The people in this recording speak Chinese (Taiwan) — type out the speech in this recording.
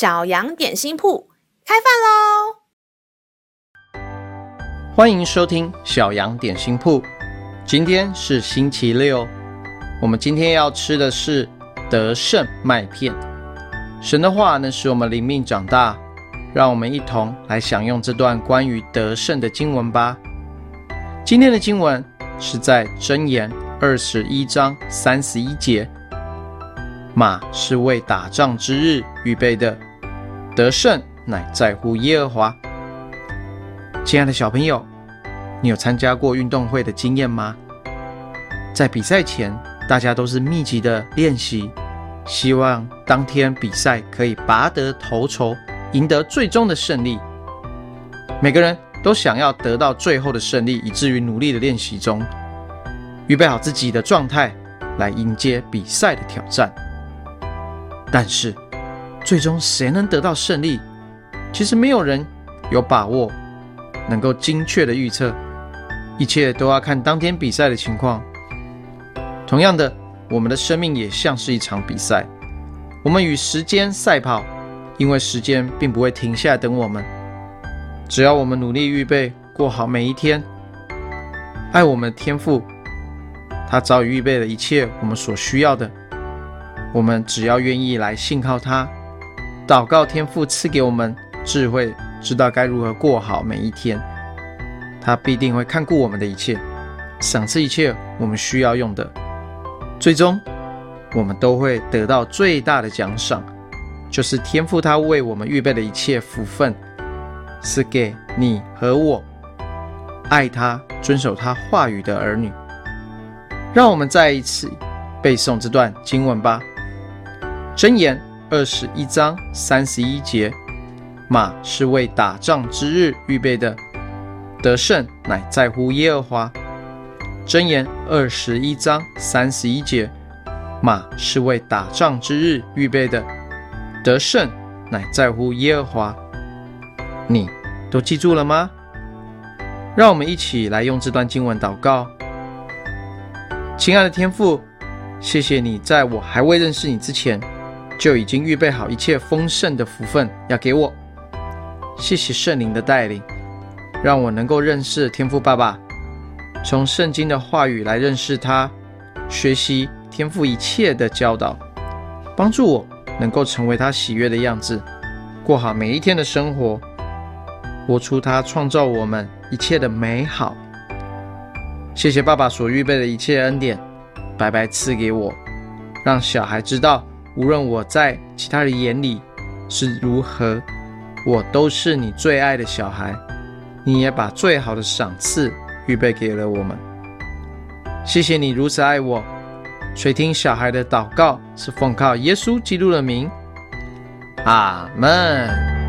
小羊點心鋪開飯嘍！歡迎收聽小羊點心鋪。今天是星期六，我們今天要吃的是得勝麥片。神的話能使我們靈命長大，讓我們一同來享用這段關於得勝的經文吧。今天的經文是在箴言二十一章三十一節。馬是為打仗之日預備的。得勝乃在乎耶和華。親愛的小朋友，你有參加過運動會的經驗嗎？在比賽前，大家都是密集的練習，希望當天比賽可以拔得頭籌，贏得最終的勝利。每個人都想要得到最後的勝利，以至於努力的練習中，預備好自己的狀態，來迎接比賽的挑戰。但是，最終誰能得到勝利？其實沒有人有把握能夠精確的預測，一切都要看當天比賽的情況。同樣的，我們的生命也像是一場比賽，我們與時間賽跑，因為時間並不會停下等我們。只要我們努力預備，過好每一天，愛我們的天父，他早已預備了一切我們所需要的，我們只要願意來信靠他。禱告，天父賜給我們智慧，知道該如何過好每一天。他必定會看顧我們的一切，賞賜一切我們需要用的。最終，我們都會得到最大的獎賞，就是天父他為我們預備的一切福分，賜給你和我愛他、遵守他話語的兒女。讓我們再一次背誦這段經文吧。箴言。二十一章三十一節，馬是為打仗之日預備的，得勝乃在乎耶和華。箴言二十一章三十一節，馬是為打仗之日預備的，得勝乃在乎耶和華。你都記住了嗎？讓我們一起來用這段經文禱告。親愛的天父，謝謝你在我還未認識你之前。就已經預備好一切豐盛的福分要給我，謝謝聖靈的帶領，讓我能夠認識天父爸爸，從聖經的話語來認識他，學習天父一切的教導，幫助我能夠成為他喜悅的樣子，過好每一天的生活，活出他創造我們一切的美好。謝謝爸爸所預備的一切恩典，白白賜給我，讓小孩知道。無論我在其他人眼裡是如何，我都是你最愛的小孩，你也把最好的賞賜預備給了我們。謝謝你如此愛我。垂聽小孩的禱告，是奉靠耶穌基督的名。阿門。